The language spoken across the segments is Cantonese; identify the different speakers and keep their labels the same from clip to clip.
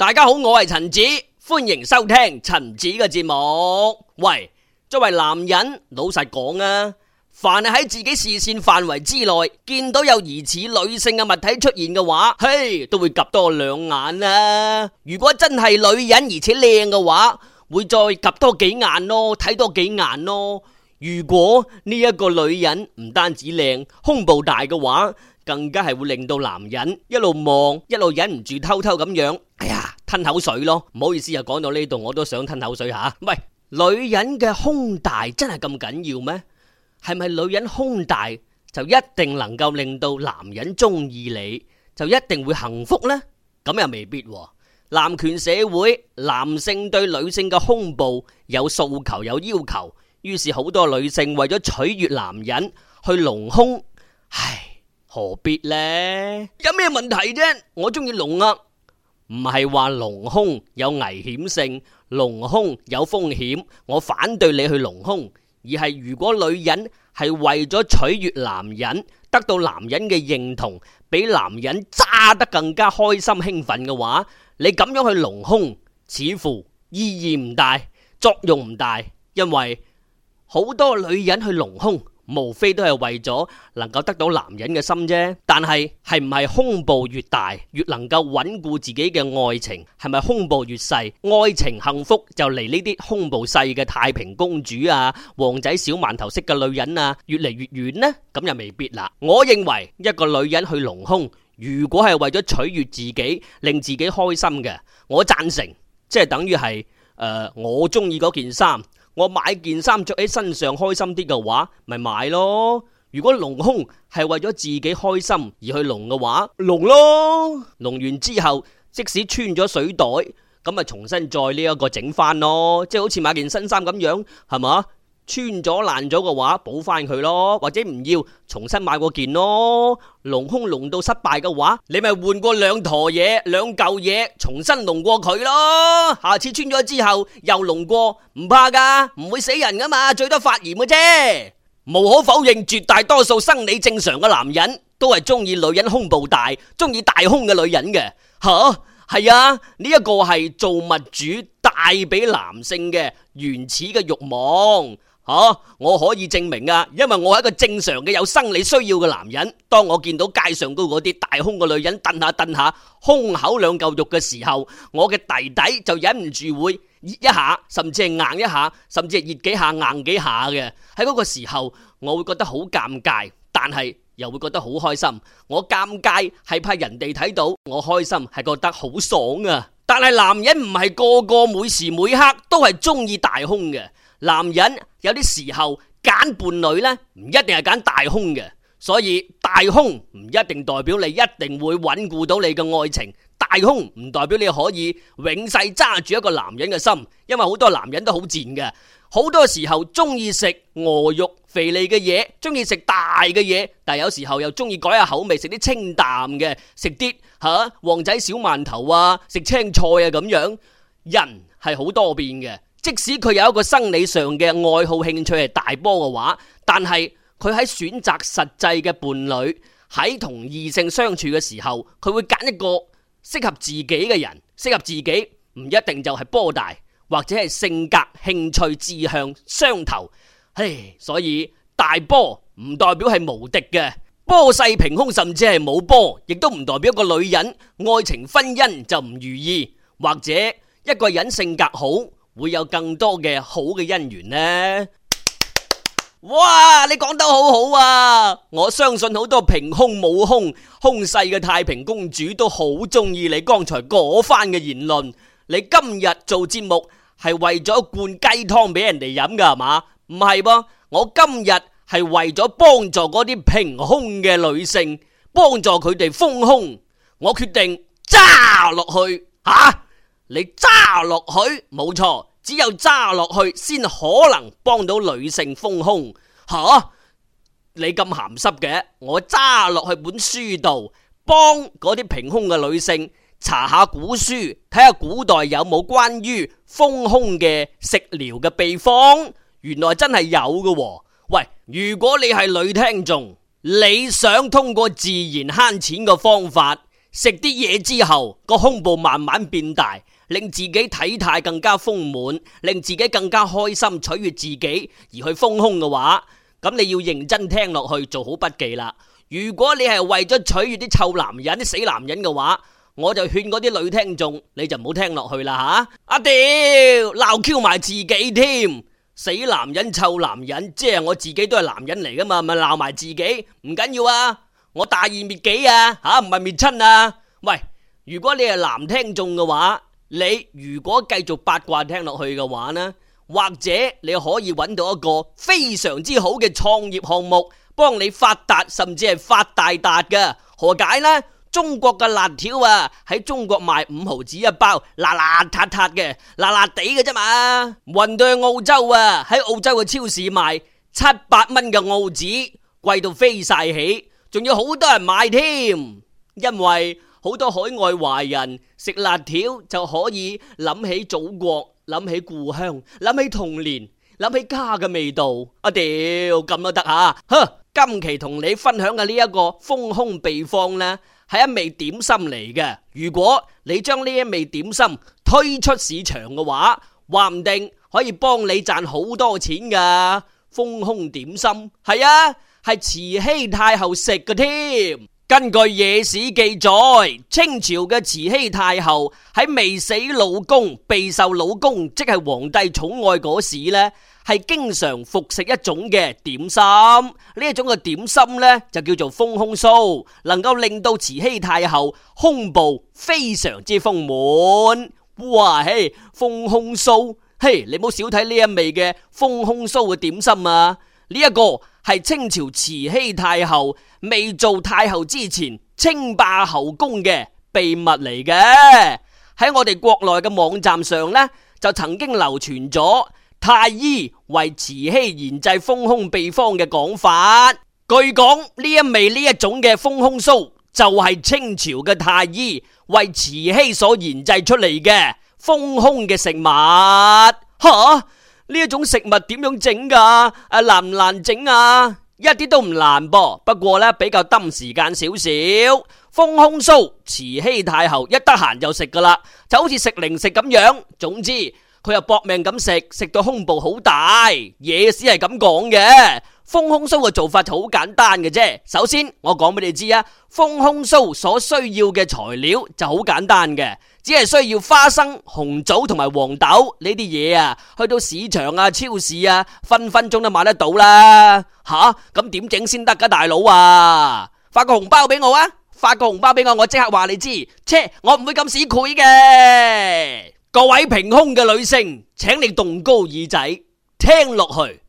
Speaker 1: 大家好，我係陳子，歡迎收聽陳子嘅節目。喂，作為男人，老實講啊，凡係喺自己視線範圍之內見到有疑似女性嘅物體出現嘅話，嘿，都會及多兩眼啦、啊。如果真係女人而且靚嘅話，會再及多幾眼咯，睇多幾眼咯。如果呢一個女人唔單止靚，胸部大嘅話，更加係會令到男人一路望，一路忍唔住偷偷咁樣。哎呀，吞口水咯，唔好意思啊。講到呢度，我都想吞口水吓。喂，女人嘅胸大真係咁緊要咩？係咪女人胸大就一定能夠令到男人中意你，就一定會幸福呢？咁又未必喎。男權社會，男性對女性嘅胸部有訴求有要求，於是好多女性為咗取悅男人去隆胸，唉。何必呢？有咩問題啫？我中意隆，呃，唔係話隆胸有危險性，隆胸有風險，我反對你去隆胸。而係如果女人係為咗取悦男人，得到男人嘅認同，畀男人揸得更加開心興奮嘅話，你咁樣去隆胸，似乎意義唔大，作用唔大，因為好多女人去隆胸。無非都係為咗能夠得到男人嘅心啫，但係係唔係胸部越大越能夠穩固自己嘅愛情？係咪胸部越細，愛情幸福就離呢啲胸部細嘅太平公主啊、旺仔小饅頭式嘅女人啊越嚟越遠呢？咁又未必啦。我認為一個女人去隆胸，如果係為咗取悦自己，令自己開心嘅，我贊成，即係等於係誒，我中意嗰件衫。我買件衫着喺身上開心啲嘅話，咪買咯。如果隆胸係為咗自己開心而去隆嘅話，隆咯。隆完之後，即使穿咗水袋，咁咪重新再呢一個整翻咯，即係好似買件新衫咁樣，係嘛？穿咗爛咗嘅話，補翻佢咯，或者唔要重新買過件咯。隆胸隆到失敗嘅話，你咪換過兩坨嘢、兩嚿嘢，重新隆過佢咯。下次穿咗之後又隆過，唔怕噶，唔會死人噶嘛，最多發炎嘅啫。無可否認，絕大多數生理正常嘅男人都係中意女人胸部大、中意大胸嘅女人嘅。吓？係啊。呢、這、一個係造物主帶俾男性嘅原始嘅欲望。我、oh, 我可以證明啊，因為我係一個正常嘅有生理需要嘅男人。當我見到街上高嗰啲大胸嘅女人蹬下蹬下，胸口兩嚿肉嘅時候，我嘅弟弟就忍唔住會熱一下，甚至係硬一下，甚至係熱幾下硬幾下嘅。喺嗰個時候，我會覺得好尷尬，但係又會覺得好開心。我尷尬係怕人哋睇到，我開心係覺得好爽啊。但係男人唔係個個每時每刻都係中意大胸嘅。男人有啲時候揀伴侶呢，唔一定係揀大胸嘅，所以大胸唔一定代表你一定會穩固到你嘅愛情，大胸唔代表你可以永世揸住一個男人嘅心，因為好多男人都好賤嘅，好多時候鍾意食鵝肉肥膩嘅嘢，鍾意食大嘅嘢，但有時候又鍾意改下口味，食啲清淡嘅，食啲吓旺仔小饅頭啊，食青菜啊咁樣，人係好多變嘅。即使佢有一個生理上嘅愛好興趣係大波嘅話，但係佢喺選擇實際嘅伴侶，喺同異性相處嘅時候，佢會揀一個適合自己嘅人，適合自己唔一定就係波大，或者係性格、興趣、志向相投。唉，所以大波唔代表係無敵嘅，波細平胸甚至係冇波，亦都唔代表一個女人愛情婚姻就唔如意，或者一個人性格好。會有更多嘅好嘅姻緣呢？哇！你講得好好啊！我相信好多平胸冇胸胸細嘅太平公主都好中意你剛才嗰番嘅言論。你今日做節目係為咗灌雞湯俾人哋飲噶係嘛？唔係噃，我今日係為咗幫助嗰啲平胸嘅女性，幫助佢哋豐胸。我決定揸落去吓。啊，你揸落去，冇錯。只有揸落去先可能幫到女性豐胸吓，你咁鹹濕嘅，我揸落去本書度幫嗰啲平胸嘅女性查下古書，睇下古代有冇關於豐胸嘅食療嘅秘方，原來真係有㗎喎。喂，如果你係女聽眾，你想通過自然慳錢嘅方法食啲嘢，之後個胸部慢慢變大？令自己體態更加豐滿，令自己更加開心，取悅自己而去豐胸嘅話，咁你要認真聽落去做好筆記啦。如果你係為咗取悅啲臭男人、啲死男人嘅話，我就勸嗰啲女聽眾，你就唔好聽落去啦吓。阿屌鬧 Q 埋自己添，死男人、臭男人，即係我自己都係男人嚟噶嘛，咪鬧埋自己唔緊要啊。我大義滅己啊，吓唔係滅親啊。喂，如果你係男聽眾嘅話。你如果繼續八卦聽落去嘅話呢，或者你可以揾到一個非常之好嘅創業項目，幫你發達甚至係發大達㗎。何解呢？中國嘅辣條啊，喺中國賣五毫子一包，邋邋遢遢嘅，辣辣地嘅啫嘛。運到去澳洲啊，喺澳洲嘅超市賣七八蚊嘅澳紙，貴到飛晒起，仲要好多人買添，因為。好多海外華人食辣條就可以諗起祖國、諗起故鄉、諗起童年、諗起家嘅味道。我屌咁都得吓？哼！今期同你分享嘅呢一個豐胸秘方呢，係一味點心嚟嘅。如果你將呢一味點心推出市場嘅話，話唔定可以幫你賺好多錢噶。豐胸點心係啊，係慈禧太后食嘅添。根據野史記載，清朝嘅慈禧太后喺未死老公備受老公，即係皇帝寵愛嗰時呢係經常服食一種嘅點心。呢一種嘅點心呢，就叫做豐胸酥，能夠令到慈禧太后胸部非常之豐滿。哇嘿，豐胸酥，嘿，你唔好少睇呢一味嘅豐胸酥嘅點心啊！呢一個係清朝慈禧太后未做太后之前稱霸後宮嘅秘密嚟嘅。喺我哋國內嘅網站上呢，就曾經流傳咗太醫為慈禧研製豐胸秘方嘅講法。據講呢一味呢一種嘅豐胸酥就係清朝嘅太醫為慈禧所研製出嚟嘅豐胸嘅食物，吓。呢一種食物點樣整噶？啊，難唔難整啊？一啲都唔難噃，不過呢，比較耽誤時間少少。豐胸酥，慈禧太后一得閒就食噶啦，就好似食零食咁樣。總之佢又搏命咁食，食到胸部好大，野史係咁講嘅。豐胸酥嘅做法就好簡單嘅啫，首先我講俾你知啊，豐胸酥所需要嘅材料就好簡單嘅，只係需要花生、紅棗同埋黃豆呢啲嘢啊，去到市場啊、超市啊，分分鐘都買得到啦吓。咁點整先得噶？大佬啊，發個紅包俾我啊，發個紅包俾我，我即刻話你知，切，我唔會咁屎攰嘅。各位平胸嘅女性，請你動高耳仔聽落去。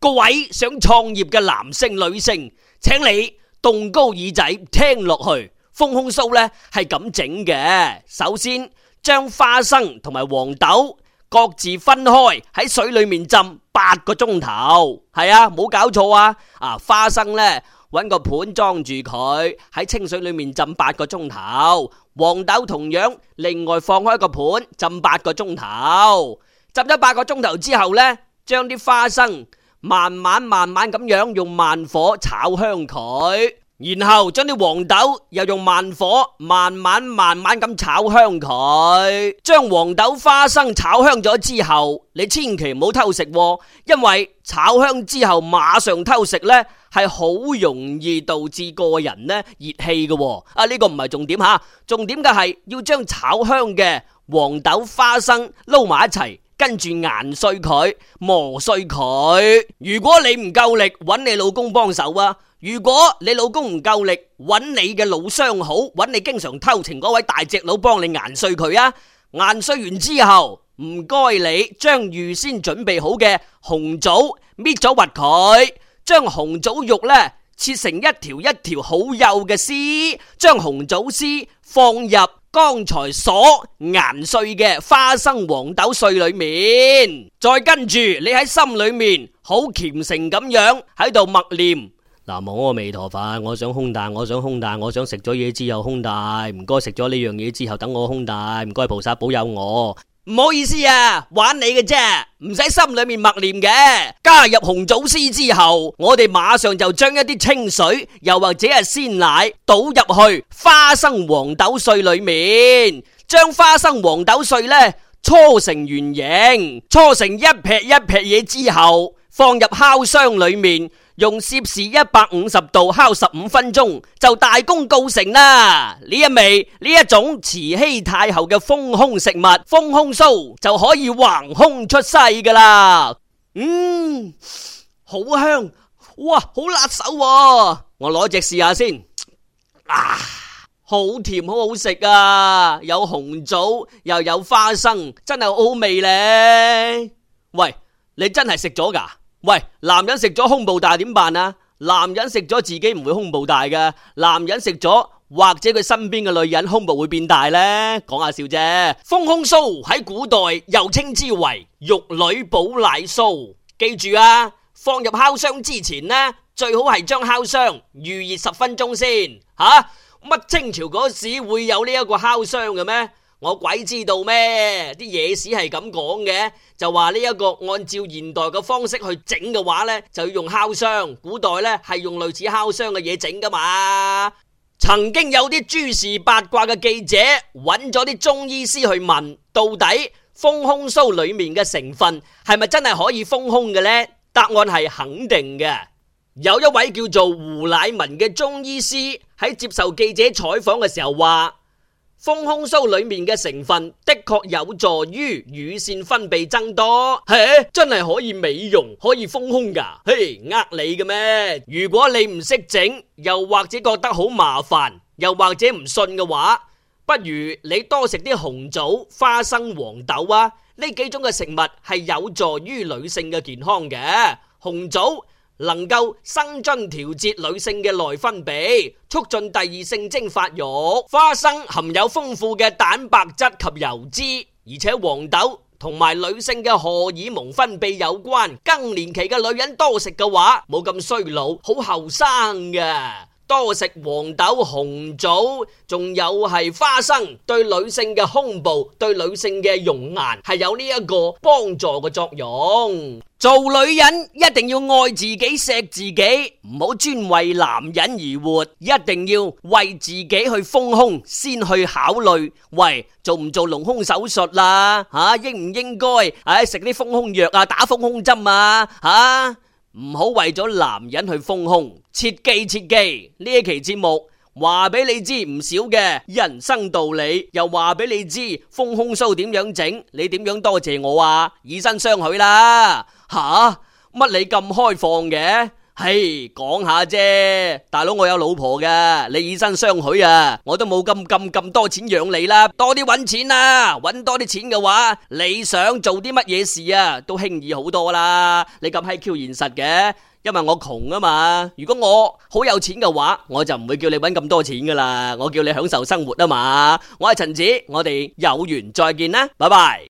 Speaker 1: 各位想創業嘅男性、女性，請你動高耳仔聽落去。豐胸酥呢係咁整嘅，首先將花生同埋黃豆各自分開喺水裏面浸八個鐘頭，係啊，冇搞錯啊。啊，花生呢，揾個盤裝住佢喺清水裏面浸八個鐘頭，黃豆同樣另外放開個盤浸八個鐘頭。浸咗八個鐘頭之後呢，將啲花生，慢慢慢慢咁樣用慢火炒香佢，然後將啲黃豆又用慢火慢慢慢慢咁炒香佢。將黃豆花生炒香咗之後，你千祈唔好偷食喎，因為炒香之後馬上偷食咧，係好容易導致個人咧熱氣嘅。啊，呢個唔係重點吓，重點嘅係要將炒香嘅黃豆花生撈埋一齊。跟住研碎佢磨碎佢，如果你唔夠力，揾你老公幫手啊！如果你老公唔夠力，揾你嘅老相好，揾你經常偷情嗰位大隻佬幫你研碎佢啊！研碎完之後，唔該你將預先準備好嘅紅棗搣咗核佢，將紅棗肉呢切成一條一條好幼嘅絲，將紅棗絲放入。剛才所研碎嘅花生黃豆碎裏面，再跟住你喺心裏面好虔誠咁樣喺度默念南無阿彌陀佛，我想胸大，我想胸大，我想食咗嘢之後胸大，唔該食咗呢樣嘢之後等我胸大，唔該菩薩保佑我。唔好意思啊，玩你嘅啫，唔使心裏面默念嘅。加入紅棗絲之後，我哋馬上就將一啲清水，又或者係鮮奶倒入去花生黃豆碎裏面，將花生黃豆碎咧搓成圓形，搓成一撇一撇嘢之後，放入烤箱裏面。用攝氏一百五十度烤十五分鐘就大功告成啦！呢一味呢一種慈禧太后嘅豐胸食物，豐胸酥就可以橫空出世噶啦。嗯，好香，哇，好辣手啊，我攞隻試下先。啊，好甜，好好食啊！有紅棗又有花生，真係好味咧。喂，你真係食咗噶？喂，男人食咗胸部大點辦啊？男人食咗自己唔會胸部大㗎，男人食咗或者佢身邊嘅女人胸部會變大咧。講下笑啫，豐胸酥喺古代又稱之為玉女寶奶酥。記住啊，放入烤箱之前呢，最好係將烤箱預熱十分鐘先吓。乜、啊、清朝嗰時會有呢一個烤箱嘅咩？我鬼知道咩？啲野史係咁講嘅，就話呢一個按照現代嘅方式去整嘅話呢，就要用烤箱。古代呢係用類似烤箱嘅嘢整噶嘛。曾經有啲諸事八卦嘅記者揾咗啲中醫師去問，到底豐胸酥裏面嘅成分係咪真係可以豐胸嘅呢？答案係肯定嘅。有一位叫做胡乃文嘅中醫師喺接受記者採訪嘅時候話。豐胸酥裏面嘅成分的確有助於乳腺分泌增多，嘿，真係可以美容可以豐胸噶、啊，嘿，呃你嘅咩？如果你唔識整，又或者覺得好麻煩，又或者唔信嘅話，不如你多食啲紅棗、花生、黃豆啊，呢幾種嘅食物係有助於女性嘅健康嘅。紅棗。能夠生津調節女性嘅內分泌，促進第二性徵發育。花生含有豐富嘅蛋白質及油脂，而且黃豆同埋女性嘅荷爾蒙分泌有關。更年期嘅女人多食嘅話，冇咁衰老，好後生嘅。多食黃豆、紅棗，仲有係花生，對女性嘅胸部、對女性嘅容顏係有呢一個幫助嘅作用。做女人一定要愛自己、錫自己，唔好專為男人而活。一定要為自己去豐胸，先去考慮喂做唔做隆胸手術啦？吓應唔應該？唉食啲豐胸藥啊，打豐胸針啊？吓？唔好為咗男人去豐胸，切記切記。呢一期節目話俾你知唔少嘅人生道理，又話俾你知豐胸酥點樣整，你點樣多謝我啊？以身相許啦，吓？乜你咁開放嘅？嘿，講下啫，大佬我有老婆噶，你以身相許啊，我都冇咁咁咁多錢養你啦，多啲搵錢啦、啊，搵多啲錢嘅話，你想做啲乜嘢事啊，都輕易好多啦，你咁 high Q 現實嘅，因為我窮啊嘛，如果我好有錢嘅話，我就唔會叫你搵咁多錢噶啦，我叫你享受生活啊嘛，我係陳子，我哋有緣再見啦，拜拜。